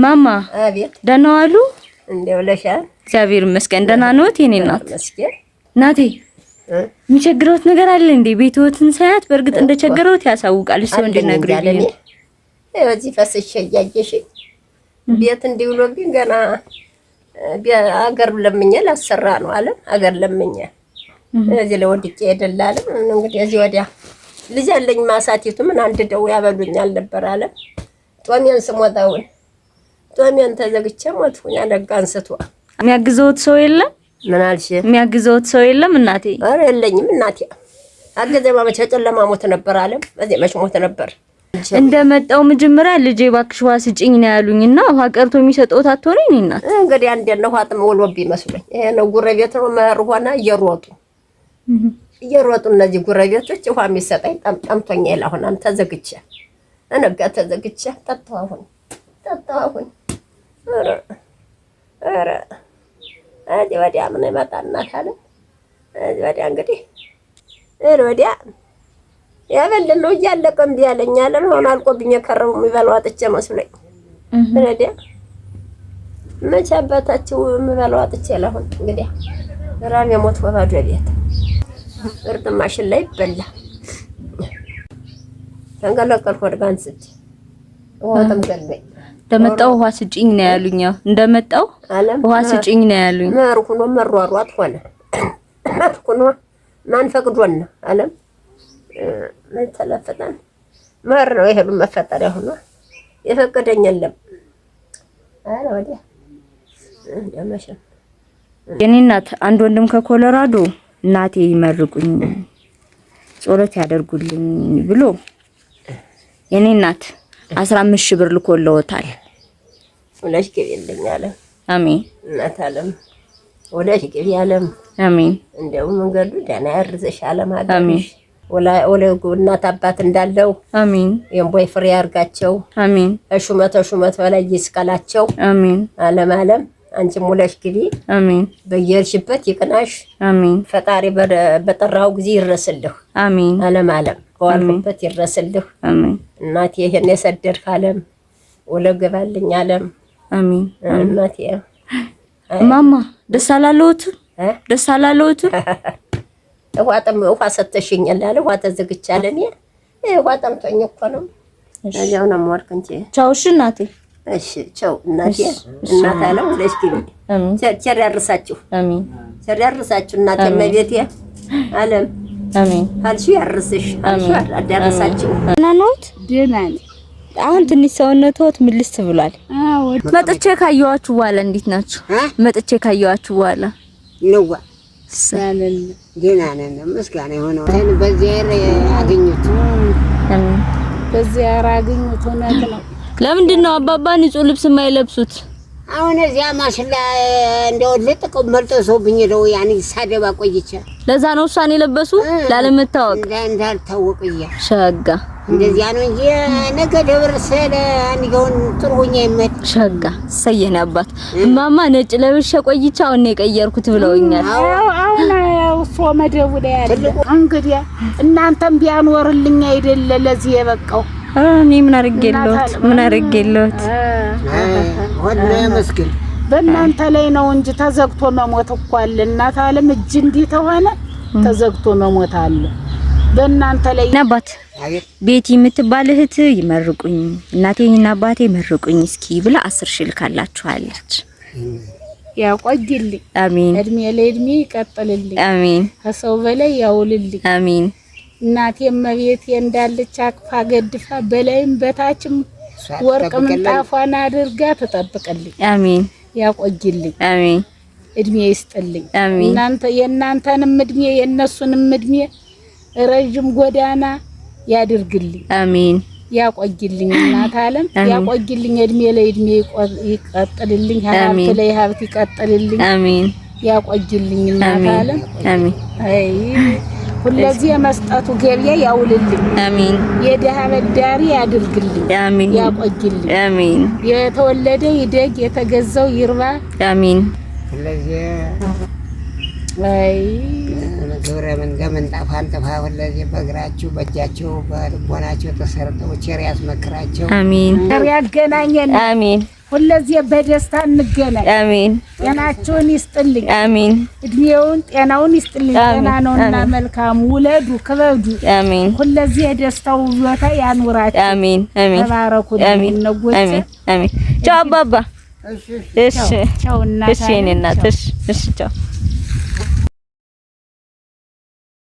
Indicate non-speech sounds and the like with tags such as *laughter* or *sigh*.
ማማ አቤት፣ ደህና ዋሉ? እንደው ለሻል እግዚአብሔር ይመስገን ደህና ነዎት? የኔ እናት ናቴ፣ የሚቸግረውት ነገር አለ እንዴ? ቤትዎትን ሳያት በእርግጥ እንደቸገረውት ያሳውቃል። እሱ እንዲነግሩ ይሄ እዚህ ፈስሼ እያየሽ ቤት እንዲውሎብኝ ገና አገር ለምኜ ላሰራ ነው አለ። አገር ለምኜ እዚህ ለወድቄ ይደላል እንግዲህ እዚህ ወዲያ ልጅ አለኝ ማሳቲቱ ምን አንድ ደው ያበሉኛል ነበር አለ ጦሜን ስሞታውን ጦሚያን ተዘግቼ ሞትኩኝ። አደጋ አንስቶ የሚያግዘውት ሰው የለም። ምን አልሽ? የሚያግዘውት ሰው የለም እናቴ። ኧረ የለኝም እናቴ። አገዘማ መቼ ጨለማ ሞት ነበር አለም በዚህ መች ሞት ነበር። እንደመጣው መጀመሪያ ልጄ እባክሽ ውሃ ስጭኝ ነው ያሉኝና ውሃ ቀርቶ የሚሰጠውት አትሆነኝ ነው እናት። እንግዲህ አንዴ ነው ውሃ ጥም ወሎብ ይመስለኝ ይሄ ነው ጉረቤት ነው መር ሆና እየሮጡ እየሮጡ እነዚህ ጉረቤቶች ውሃ የሚሰጠኝ ጠምጠምቶኛ ይላሆናን ተዘግቼ እነጋ ተዘግቼ ጠጣሁ አሁን ጠጣሁ አሁን ወዲያ ምን ይመጣልናታለን? እዚህ ወዲያ እንግዲህ እዚህ ወዲያ ነው እያለቀ እምቢ አለኝ አለን። ሆነ አልቆብኝ የከረሙ የሚበላው አጥቼ መስሎኝ እዚህ ወዲያ መቼ አባታችሁ የምበላው አጥቼ ለአሁን እንግዲህ ራም የሞት ወባዶ ቤት እርጥ ማሽን ላይ ይበላ ተንገለቀልኩ ወድጋን ስት ወጣም ገለኝ እንደመጣው ውሃ ስጭኝ ነው ያሉኝ። ያው እንደመጣው ውሃ ስጭኝ ነው ያሉኝ። መርኩ ነው መሯሯጥ ሆነ። መርኩ ነው ማን ፈቅዶና አለም ምን ተለፈጠን መር ነው ይሄ ሁሉ መፈጠሪያ ሆኖ የፈቀደኝ የለም። አረ ወዲያ ያመሸ የኔ እናት አንድ ወንድም ከኮሎራዶ እናቴ ይመርቁኝ ጸሎት ያደርጉልኝ ብሎ የኔ እናት አስራ አምስት ሺህ ብር ልኮልዎታል። ወላጅ ግቢልኝ አለም። አሜን። እናት አለም ወላጅ ግቢ አለም። አሜን። እንደው መንገዱ ደህና ያርዝሽ አለም። አሜን። ወለጉ እናት አባት እንዳለው አሜን። የእምቦይ ፍሬ ያርጋቸው አሜን። ሹመተ ሹመት በላይ ይስቀላቸው አሜን። አለም አለም አንቺም ውለሽ ግቢ አሜን። በየሄድሽበት ይቅናሽ አሜን። ፈጣሪ በጠራው ጊዜ ይድረስልህ አሜን። አለም አለም በዋልኩበት ይድረስልህ አሜን። እናቴ ይሄን የሰደድክ አለም ወለገባልኝ አለም አሚን። እናቴ ማማ ደስ አላለዎትም? ደስ አላለዎትም? *laughs* ውሃ ጠም ውሃ ሰተሽኛል አለ ውሃ ተዘግቻለሁ። ውሃ ጠምቶኝ እኮ ነው። ያው ነው የምወርቅ እንጂ ቻው። እሺ እናቴ፣ እሺ ቻው እናቴ። እናት አለም ብለሽ ግቢ። ቸር ያርሳችሁ፣ አሚን። ቸር ያርሳችሁ ቸር ያርሳችሁ እናቴ መቤቴ አለም፣ አሚን። ያርስሽ፣ አልሽ ያርሳችሁ። ደህና ነዎት? ደህና ነኝ አሁን ትንሽ ሰውነቶት ምልስ ብሏል። መጥቼ ካየዋችሁ በኋላ እንዴት ናችሁ? መጥቼ ካየዋችሁ በኋላ ነዋ ሰለል ገና ነን። ምስጋና የሆነው በዚያ ያገኙት በዚያ ያገኙት እውነት ነው። ለምንድን ነው አባባ ንጹህ ልብስ የማይለብሱት? አሁን እዚያ ማሽላ እንደው ልጥቅ መልጦ ሰውብኝ ነው ያኔ ሳደባ ቆይቼ። ለዛ ነው እሷን የለበሱ ላለመታወቅ እንዳልታወቅ እያ ሸጋ እንደዚያ ነው እንጂ ነገ ደብር ስለ አንድ ይሁን ጥሩኛ ይመት ሸጋ ሰየን አባት እማማ ነጭ ለብሼ ቆይቼ አሁን ነው የቀየርኩት ብለውኛል። አሁን እሱ መደቡ ላይ ያለ እንግዲህ እናንተም ቢያኖርልኝ አይደለ ለዚህ የበቃው እኔ ምን አድርጌልዎት ምን አድርጌልዎት? ወላ መስግን በእናንተ ላይ ነው እንጂ ተዘግቶ መሞት እኮ አለ። እናት ዓለም እጅ እንዲህ ተሆነ ተዘግቶ መሞት አለ። በእናንተ ላይ አባት ቤቲ የምትባል እህት ይመርቁኝ እናቴና አባቴ ይመርቁኝ እስኪ ብላ አስር ሺህ ልካላችኋለች። ያቆይልኝ። አሚን። እድሜ ለእድሜ ይቀጥልልኝ። አሚን። ከሰው በላይ ያውልልኝ። አሚን። እናቴ መቤቴ እንዳልች አቅፋ ገድፋ በላይም በታችም ወርቅ ምንጣፏን አድርጋ ትጠብቅልኝ። አሜን። ያቆይልኝ። አሜን። እድሜ ይስጥልኝ። አሜን። እናንተ የእናንተንም እድሜ የእነሱንም እድሜ ረዥም ጎዳና ያድርግልኝ። አሜን። ያቆይልኝ እናት ዓለም ያቆይልኝ። እድሜ ላይ እድሜ ይቀጥልልኝ። ሀብት ላይ ሀብት ይቀጥልልኝ። አሜን። ያቆይልኝ እናት ዓለም አሜን። አይ ሁለዚህ የመስጠቱ ገቢያ ያውልልኝ። አሚን። የደሃ በዳሪ ያድርግልኝ። አሚን። ያቆይልኝ። አሚን። የተወለደ ይደግ፣ የተገዛው ይርባ። አሚን። ሁለዚህ ግብረ መንገድ ምንጣፍ አንጥፋ። ሁለዚህ በእግራችሁ በእጃቸው በልቦናቸው ተሰርተው ቸር ያስመክራቸው። አሚን። ያገናኘን። አሚን። ሁለዚህ በደስታ እንገናኝ። አሜን። ጤናችሁን ይስጥልኝ። አሜን። እድሜውን ጤናውን ይስጥልኝ። ጤና ነውና መልካም ውለዱ፣ ክበዱ። አሜን። ሁለዚህ የደስታው ቦታ ያኑራችሁ። አሜን። አሜን። ተባረኩ። አሜን። አሜን። አሜን። ቻው አባባ። እሺ፣ እሺ፣ ቻው እናት። እሺ፣ እሺ፣ ቻው